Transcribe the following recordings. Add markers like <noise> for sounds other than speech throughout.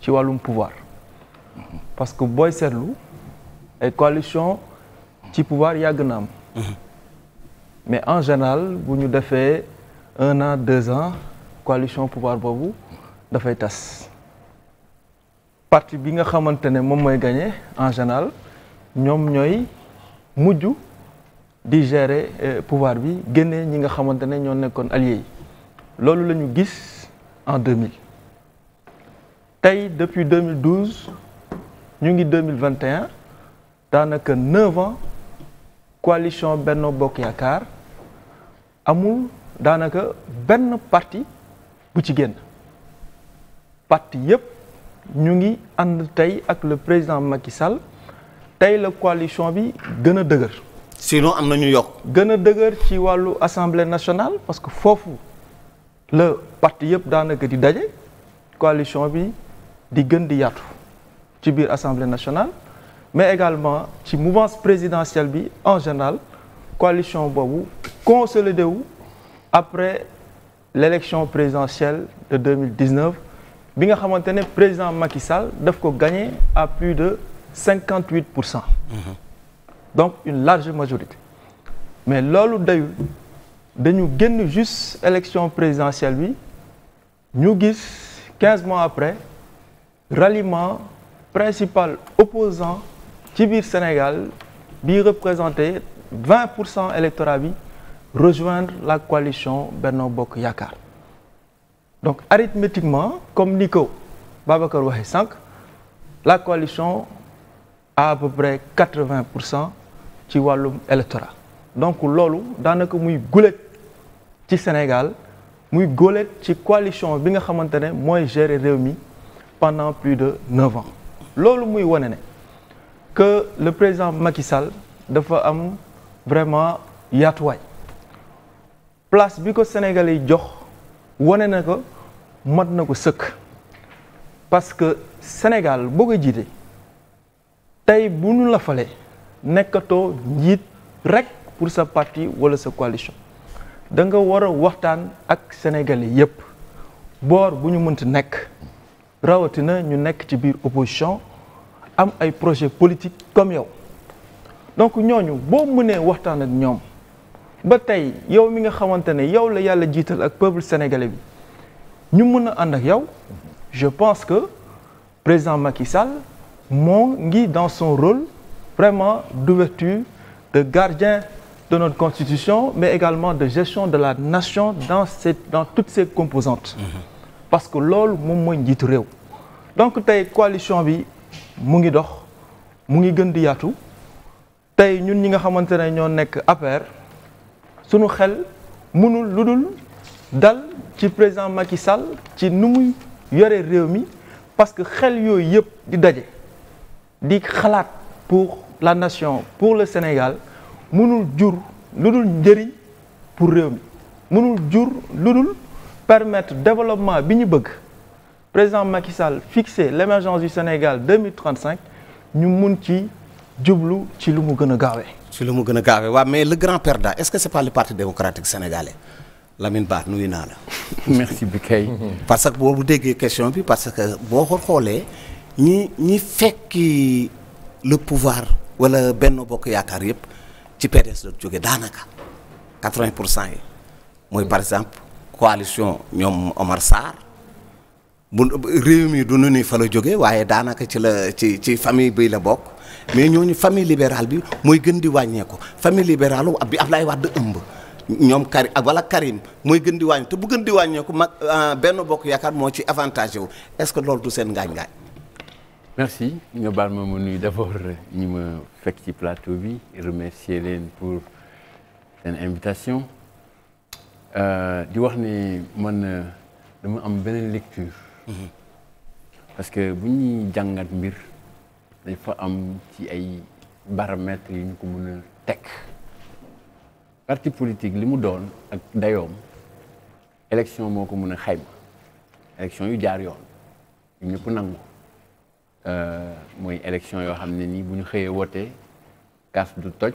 ci wàllum pouvoir parce que booy seetlu ay coalition ci pouvoir yàgg na am mais en général bu ñu defee un an deux ans coalition pouvoir boobu dafay tas parti bi nga xamante ne moom mooy gagné en général ñoom ñooy mujj di gérer euh, pouvoir bi génnee ñi nga xamante ne ñoo nekkoon alliés yi loolu la ñu gis en 2000 tey depuis 2012 ñu ngi 2021 daanaka 9 ans coalition Benno Bokk Yaakaar amul daanaka benn parti bu ci génn parti yépp ñu ngi ànd tey ak le président Macky Sall tey la coalition bi gën a dëgër. sinon am na ñu yokk. gën a dëgër ci wàllu assemblée nationale parce que foofu la parti yépp daanaka di daje coalition bi. di gën di yaatu ci biir assemblée nationale mais également ci mouvance présidentielle bi en général coalition boobu consolidé wu après l'élection présidentielle de 2019 bi nga xamante ne président Macky def ko gagné à plus de 58 pour cent mhm. donc une large majorité mais loolu dayul dañu génn juste élection présidentielle bi ñu gis 15 mois après ralliement principal opposant ci biir Sénégal bi représenté 20 pour cent électorat bi rejoindre la coalition Benno Bokk Yaakaar donc arithmétiquement comme ni ko Babacar waxee sànq la coalition a à peu près 80 pour cent ci wàllum électorat donc loolu daanaka muy goulet ci Sénégal muy gulet ci coalition bi nga xamante ne mooy gérer réew mi pendant plus de neuf ans loolu muy wane ne que le président Macky Sall dafa am vraiment yaatuwaay place bi ko Sénégalais yi jox wane na ko mat na ko sëkk parce que Sénégal boo ko jiite tey bu nu la nekkatoo njiit rek pour sa parti wala sa coalition da nga war a waxtaan ak Sénégalais yépp boor bu ñu mënti nekk rawatina ñu nekk ci biir opposition am ay projet politique comme yow donc ñooñu boo mënee waxtaan ñoom ba tey yow mi nga xamante ne yow la yàlla jiital ak peuple sénégalais bi ñu mën a ànd ak yow je pense que président Macky Sall moo ngi dans son rôle vraiment d'ouverture de gardien de notre constitution mais également de gestion de la nation dans cette dans toutes ses composantes. Mm-hmm. parce que loolu moom mooy njiitu réew donc tey coalition bi mu ngi dox mu ngi gën di yaatu tey ñun ñi nga xamante ne ñoo nekk affaire sunu xel mënul lu dul dal ci président Macky Sall ci nu muy yore réew mi parce que xel yooyu yëpp di daje di xalaat pour la nation pour le Sénégal mënul jur lu dul njëriñ pour réew mi mënul jur lu dul permettre développement bi ñu bëgg président Macky Sall fixer l' émergence du Sénégal 2035 ñu mun ci jublu ci lu mu gën a gaawee. ci lu mu gën a gaawee waaw mais le grand perdant est ce que c' est pas le parti démocratique sénégalais Lamine Ba nuyu naa la. <laughs> merci <laughs> parce que boobu déggee question bi parce que boo ko xoolee ñi ñi fekki le pouvoir wala Benno Bokk Yaakaar yëpp ci PDS la jógee daanaka 80 pour cent yi mooy par exemple. coalition ñoom Omar Sarr bu réew mi du nu ni fa la jóge waaye daanaka ci la ci ci famille bii la bokk mais ñooñu famille libérale bi mooy gën di wàññeeku famille libérale bi laay Wade ëmb ñoom Karim ak wala Karim mooy gën di wàññi te bu gën di wàññeeku mag euh, benn bokk yaakaar moo ci avantage wu est-ce que loolu du seen ngaañ-ngaañ. merci nga baal ma ma nuyu d'abord ñi ma fekk ci plateau bi remercier leen pour seen invitation. Euh, di wax ni man euh, dama am beneen lecture. Mhm. parce que bu ñuy jàngat mbir fa am ci ay baromètres yi ñu ko mën a teg. parti politique li mu doon ak dayoom élection moo ko mën a xayma élection yu jaar yoon ñu ñëpp nangu euh, mooy élection yoo xam ne nii bu ñu xëyee wootee kaas du toj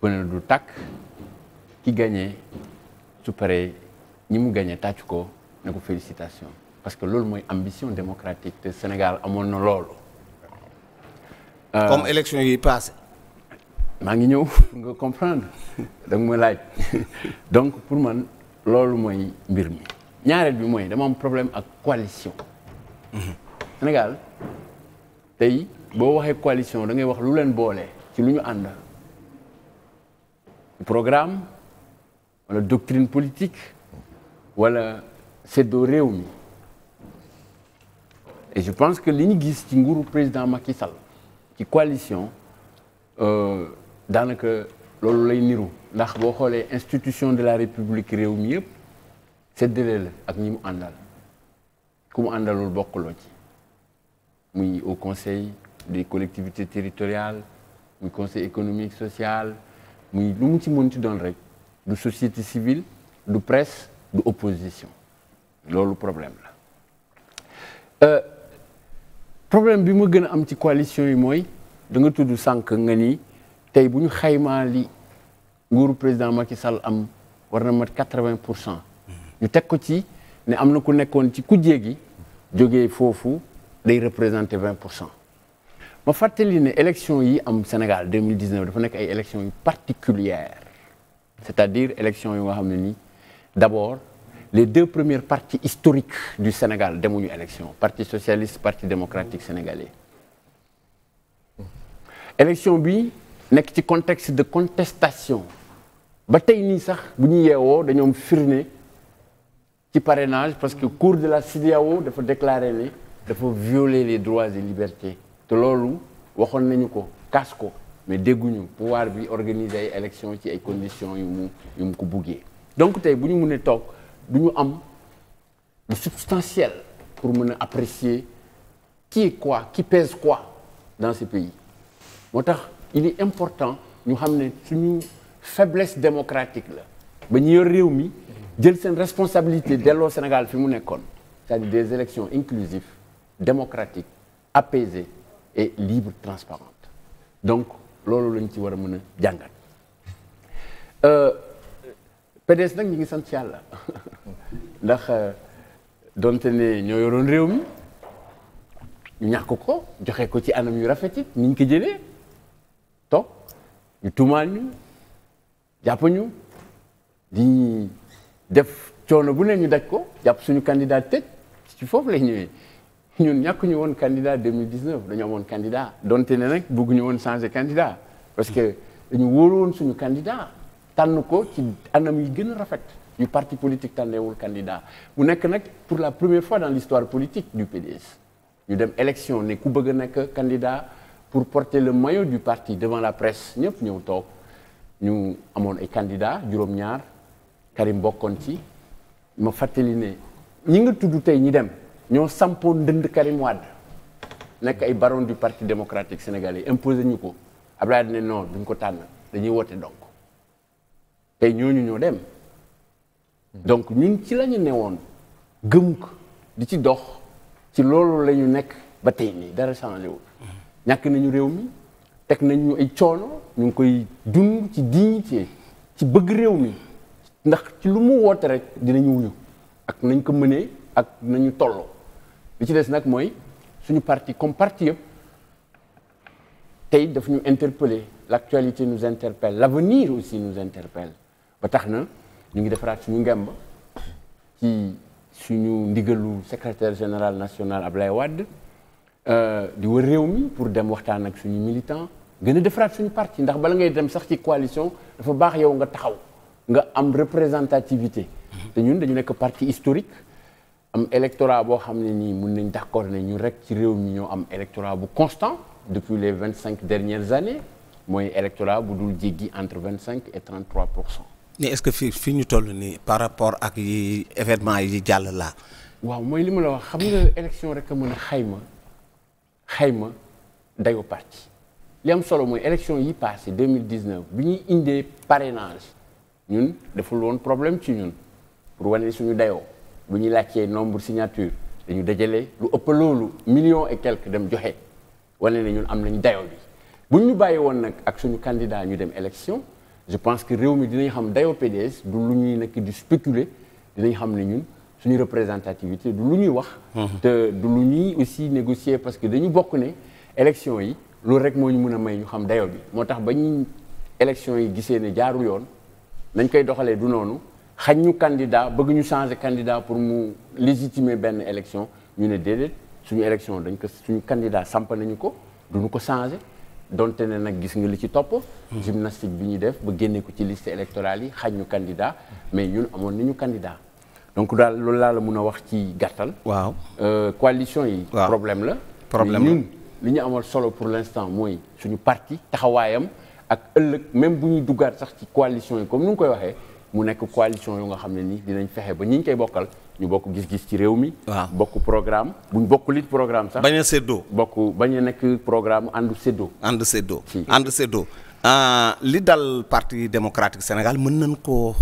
pëne du takk ki gagné su paree ñi mu gagné tàcc ko ne ko félicitation parce que loolu mooy ambition démocratique te Sénégal amoon na loolu. comme euh, élection yi passé maa ngi ñëw <laughs> nga comprendre da nga ma laaj <laughs> donc pour man loolu mooy mbir mi ñaareel bi mooy dama am problème ak coalition. Mhm. Sénégal tey boo waxee coalition da ngay wax lu leen boole ci lu ñu ànd programme. wala doctrine politique wala séddoo réew mi et je pense que li ñu gis ci nguuru président Macky Sall ci coalition euh, daanaka loolu lay niru ndax boo xoolee institution de la république réew mi yëpp séddale la ak ñi mu àndal ku mu àndalul bokkuloo ci muy au conseil des collectivité territoriales muy conseil économique sociale muy lu mu ci mën ci doon rek du société civile du presse du opposition loolu problème la euh, problème bi ma gën a am ci coalition yi mooy da nga tudd sànq nga ni tey bu ñu xaymaa li nguuru président Macky Sall am war na mat quatre-vingt pour cent ñu teg ko ci ne am na ku nekkoon ci kujjee gi jógee foofu day représenter vingt pour cent ma fàttali ne élection yi am Sénégal 2019 dafa nekk ay élections yu particulières c'est-à-dire élection yu nga xam ne nii d'abord les deux premières partis historiques du Sénégal demuñu élection parti socialiste parti démocratique sénégalais élection bi nekk ci contexte de contestation ba tey nii sax bu ñu yeewoo dañoom firnde ci parenage parce que cour de la CEDEAO dafa déclarer ne dafa violer les droits et libertés te loolu waxoon nañu ko kaas ko mais dégguñu pouvoir bi organiser ay élection ci ay conditions yu mu yu mu ko buggee donc tey bu ñu mënee toog du ñu am lu substantiel pour mën a apprécier qui est quoi qui pèse quoi dans ce pays moo tax il est important ñu xam ne suñu faiblesse démocratique la ba ñu yor réew mi jël seen responsabilité delloo Sénégal fi mu nekkoon c'est-à-dire des élections inclusives démocratiques apaisées et libres transparentes loolu lañ ci war a mën a jàngat euh, PDS nag ñu ngi sant yàlla <laughs> ndax euh, donte ne ñoo yoroon réew mi ñàkk ko joxe ko ci anam yu rafet it niñ ko jëlee to ñu tuumaal ñu jàpp ñu di def coono bu ne ñu daj ko jàpp suñu candidat tëj ci foofu lay ñëwee ñun ñàkkuñu woon candidat 2019 dañu amoon candidat donte ne nag bëgguñu woon changer candidat parce que dañu wóoroon suñu candidat tànn ko ci anam yi gën a rafet ñu parti politique tànneewul candidat mu nekk nag pour la première fois dans l'histoire politique du PDS ñu dem élection ne ku bëgg a nekk candidat pour porter le maillot du parti devant la presse ñëpp ñëw toog ñu amoon ay candidats juróom-ñaar Karim bokkoon ci ma fàttali ne ñi nga tudd tey ñi dem ñoo sampoo ndënd Karim Wade nekk ay baron du parti democratique sénégalais imposé ñu ko Abdoulaye ne non duñ ko tànn dañuy woote donc tey ñooñu ñoo dem donc ñun ci la ñu newoon gëm ko di ci dox ci loolu la ñu nekk ba tey nii dara changé wul ñàkk nañu réew mi teg nañu ay coono ñu ngi koy dund ci dignité ci bëgg réew mi ndax ci lu mu woote rek dinañu wuyu ak nañ ko mënee ak nañu tolloo li ci des nag mooy suñu parti comme parti yëpp tey daf ñu interpeller l'actualité nous interpelle l'avenir aussi nous interpelle ba tax na ñu ngi defaraat suñu ngemb ci suñu ndigalu secretaire général national Ablaye Wade euh, di wër réew mi pour dem waxtaan ak suñu militant gën a defaraat suñu parti ndax bala ngay dem sax ci coalition dafa baax yow nga taxaw nga am représentativité mm-hmm. te ñun dañu nekk parti historique am électorat boo xam ne nii mun nañ d'accord ne ñu rek ci réew mi ñoo am électorat bu constant depuis les vingt cinq dernière années mooy électorat bu dul jéggi entre vingt cinq et trente trois pour cent. mais est que fi fi toll nii par rapport ak yi événement yi jàll laa. waaw mooy li ma la wax xam nga élection rek a mën a xayma xayma dayo parti li am solo mooy élection yi passé deux mille dix neuf bi ñuy indee parrainage ñun deful woon problème ci ñun pour wane suñu dayo bu ñu laajtee nombre signature dañu dajale lu ëpp loolu million et quelque dem joxe wane ne ñun am nañu dayo bi bu ñu bàyyi woon nag ak suñu candidat ñu dem élection je pense que réew mi dinañ xam dayo PDS du lu ñuy nekk di spéculer dinañ xam ne ñun suñu représentativité du lu ñuy wax mhm. te du lu ñuy aussi négocier parce que dañu bokk ne élection yi loolu rek moo ñu mën a may ñu xam dayo bi moo tax ba ñu élection yi gisee ne jaarul yoon nañ koy doxalee du noonu xañ ñu candidat bëgg ñu changer candidat pour mu légitimer benn élection ñu ne déedéet suñu élection dañ ko suñu candidat samp nañu ko duñu ko changer donte ne nag gis nga li ci topp. Hmm. gymnastique bi ñu def ba génne ko ci liste électorale yi xañ ñu candidat mais ñun amoon nañu candidat. donc daal loolu laa la mun a wax ci gàttal. waaw euh, coalition yi. waaw problème la. problème la li ñu amoon solo pour l'instant mooy suñu parti taxawaayam ak ëllëg même bu ñuy duggaat sax ci coalition yi comme ni nga koy waxee. mu nekk coalition yu nga xam ne nii dinañ fexe ba ñi ñu koy bokkal ñu bokk gis-gis ci réew mi. waaw bokk programme buñ bokk lit programme sax. bañ a séddoo bokk bañ a nekk programme ànd séddoo. ànd séddoo ànd séddoo ah, li dal parti démocratique Sénégal mën nañ ko